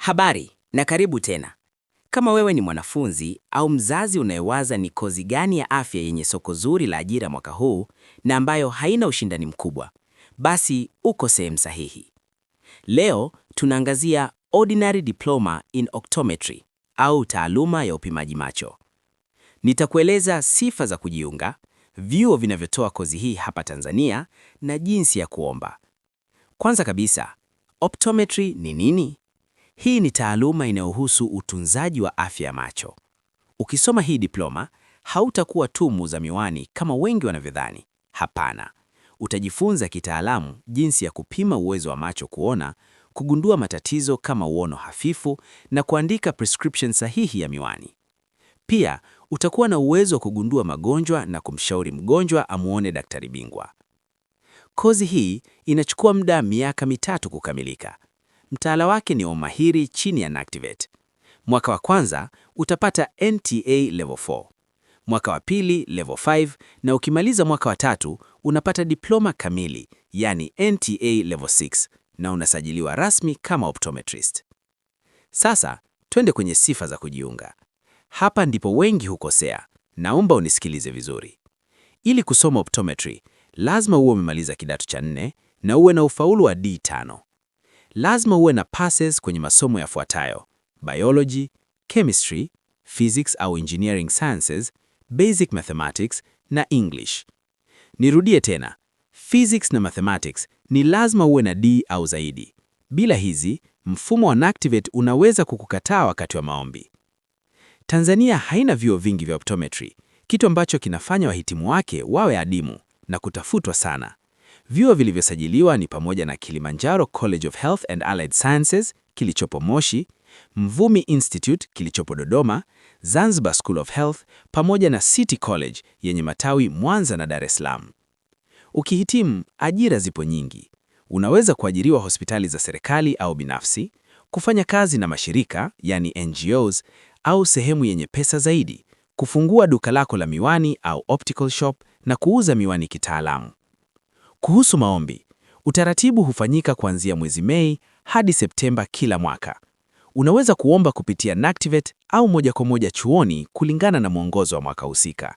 Habari na karibu tena. Kama wewe ni mwanafunzi au mzazi unayewaza ni kozi gani ya afya yenye soko zuri la ajira mwaka huu na ambayo haina ushindani mkubwa, basi uko sehemu sahihi. Leo tunaangazia Ordinary Diploma in Optometry au taaluma ya upimaji macho. Nitakueleza sifa za kujiunga, vyuo vinavyotoa kozi hii hapa Tanzania na jinsi ya kuomba. Kwanza kabisa, optometry ni nini? Hii ni taaluma inayohusu utunzaji wa afya ya macho. Ukisoma hii diploma, hautakuwa tu muuza miwani kama wengi wanavyodhani. Hapana, utajifunza kitaalamu jinsi ya kupima uwezo wa macho kuona, kugundua matatizo kama uono hafifu na kuandika prescription sahihi ya miwani. Pia utakuwa na uwezo wa kugundua magonjwa na kumshauri mgonjwa amuone daktari bingwa. Kozi hii inachukua muda miaka mitatu kukamilika, Mtaala wake ni wa umahiri chini ya NACTIVATE. Mwaka wa kwanza utapata NTA level 4, mwaka wa pili level 5, na ukimaliza mwaka wa tatu unapata diploma kamili, yani NTA level 6, na unasajiliwa rasmi kama optometrist. Sasa twende kwenye sifa za kujiunga. Hapa ndipo wengi hukosea. Naomba unisikilize vizuri. Ili kusoma optometry, lazima uwe umemaliza kidato cha nne na uwe na ufaulu wa D5 lazima uwe na passes kwenye masomo yafuatayo: biology, chemistry, physics au engineering sciences, basic mathematics na English. Nirudie tena, physics na mathematics ni lazima uwe na D au zaidi. Bila hizi, mfumo wa NACTIVATE unaweza kukukataa wakati wa maombi. Tanzania haina vyuo vingi vya optometry, kitu ambacho kinafanya wahitimu wake wawe adimu na kutafutwa sana. Vyuo vilivyosajiliwa ni pamoja na Kilimanjaro College of Health and Allied Sciences kilichopo Moshi, Mvumi Institute kilichopo Dodoma, Zanzibar School of Health pamoja na City College yenye matawi Mwanza na Dar es Salaam. Ukihitimu, ajira zipo nyingi. Unaweza kuajiriwa hospitali za serikali au binafsi, kufanya kazi na mashirika yani NGOs au sehemu yenye pesa zaidi, kufungua duka lako la miwani au optical shop na kuuza miwani kitaalamu. Kuhusu maombi, utaratibu hufanyika kuanzia mwezi Mei hadi Septemba kila mwaka. Unaweza kuomba kupitia NACTIVATE au moja kwa moja chuoni kulingana na mwongozo wa mwaka husika.